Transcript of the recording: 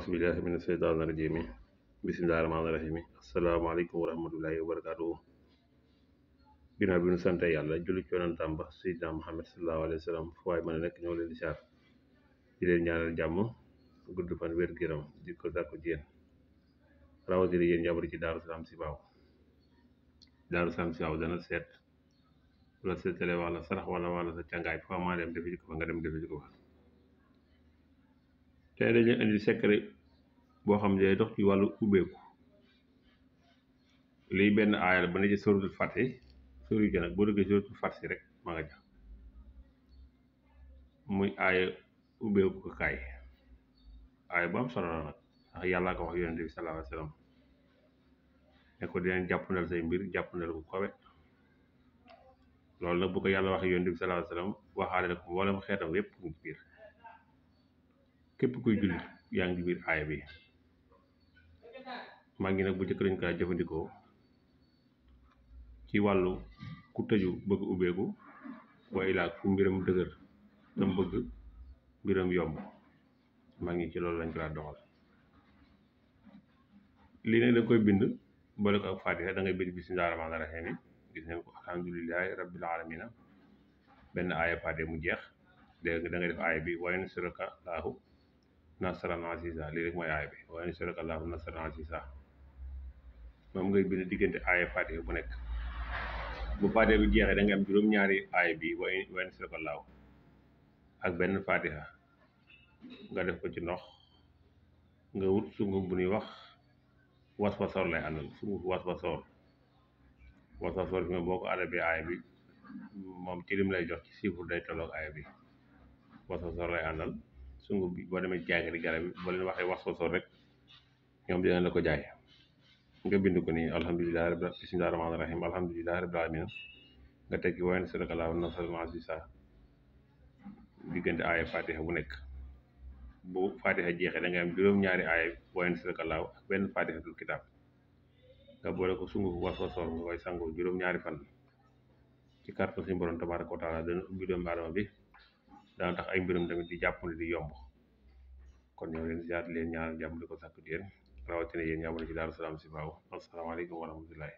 aousubillahi mina sheytaani rajimi bismillahi rahmaani rahimi asalaamaaleykum wa rahmatullahi wa barakatuhu ginnaaw bi ñu sante yàlla julli ci yonentam ba Seydina Muhammad sallallahu alayhi wa sallam fu waay mën a nekk ñoo leen di saar di leen ñaanal jàmm gudd fan wér giram di ko sàkku ci yéen rawatina yéen njaboot ci Salaam si baaw Daaru Salaam si baaw dana seet wala seetale wax la sarax fa nga dem defi fa tey dañu indi secret boo xam ne dox ci wàllu ubbeeku lii benn aaya la ba ne ci suratul fàtte sori ja nag boo duggee suratul rek ma nga jax muy aaya ubbeeku ko kaay aaya bu am solo la nag ndax yàllaa ko wax yonente bi sallallahu wa sallam ne ko dinañ jàppandal say mbir jàppandal bu kowe loolu nag bu yàlla wax yonente bi sallallahu alayhi wa sallam waxaale na ko mboolem xeetam yépp ngi biir képp kuy jullit yaa ngi biir aaya bi maa ngi nag bu jëkk dañ kaa jëfandikoo ci wàllu ku tëju bëgg ubbeeku waaye laa ku mbiram dëgër tam bëgg mbiram yomb maa ngi ci loolu lañ kaa doxal li nag da koy bind boole ko ak faatiha da ngay bind bismillaahi rahmaani rahiim gis nañ ko alhamdulillahi rabbil aalamiina benn aaya faatiha mu jeex dégg nga def aaya bi waaye na siraka laahu nasran aziza lii rek mooy aaya bi wa yansuraka allahu nasran aziza moom ngay bind diggante aaya fatiha bu nekk bu fatiha bi jeexee da nga am juróom-ñaari aaya bi wa yansuraka allahu ak benn fatiha nga def ko ci ndox nga wut sunguf bu nuy wax waswasoor lay àndal sunguf waswasoor waswasoor fi ma boo ko arabee aaya bi moom ci lim lay jox ci siifur day tolloog aaya bi waswasoor lay àndal sunguf bi boo demee jaay nga di garab bi boo leen waxee wax soosoo rek ñoom dinañ la ko jaay nga bind ko nii alhamdulilah rabbi bismillahi rahmaani rahim alhamdulilah rabbil alamin nga tekki wayen sadakallahu nasrul aziza diggante aaya fatiha bu nekk bu fatiha jeexee da ngay am juróom-ñaari aaya wayen sadakallahu ak benn fatihatul kitaab nga boole ko sunguf wax soosoo nga koy sangoo juróom-ñaari fan ci kàttan suñu borom tabaaraka wa taala dana ubbi doomu bi dana tax ay mbirum tamit di jàppale di yomb kon ñoo leen ziar leen ñaanal jàmm di ko sàkku di yéen rawatina yéen ñaa ngi ci Daaru Salaam si baaw asalaamaaleykum wa rahmatullahi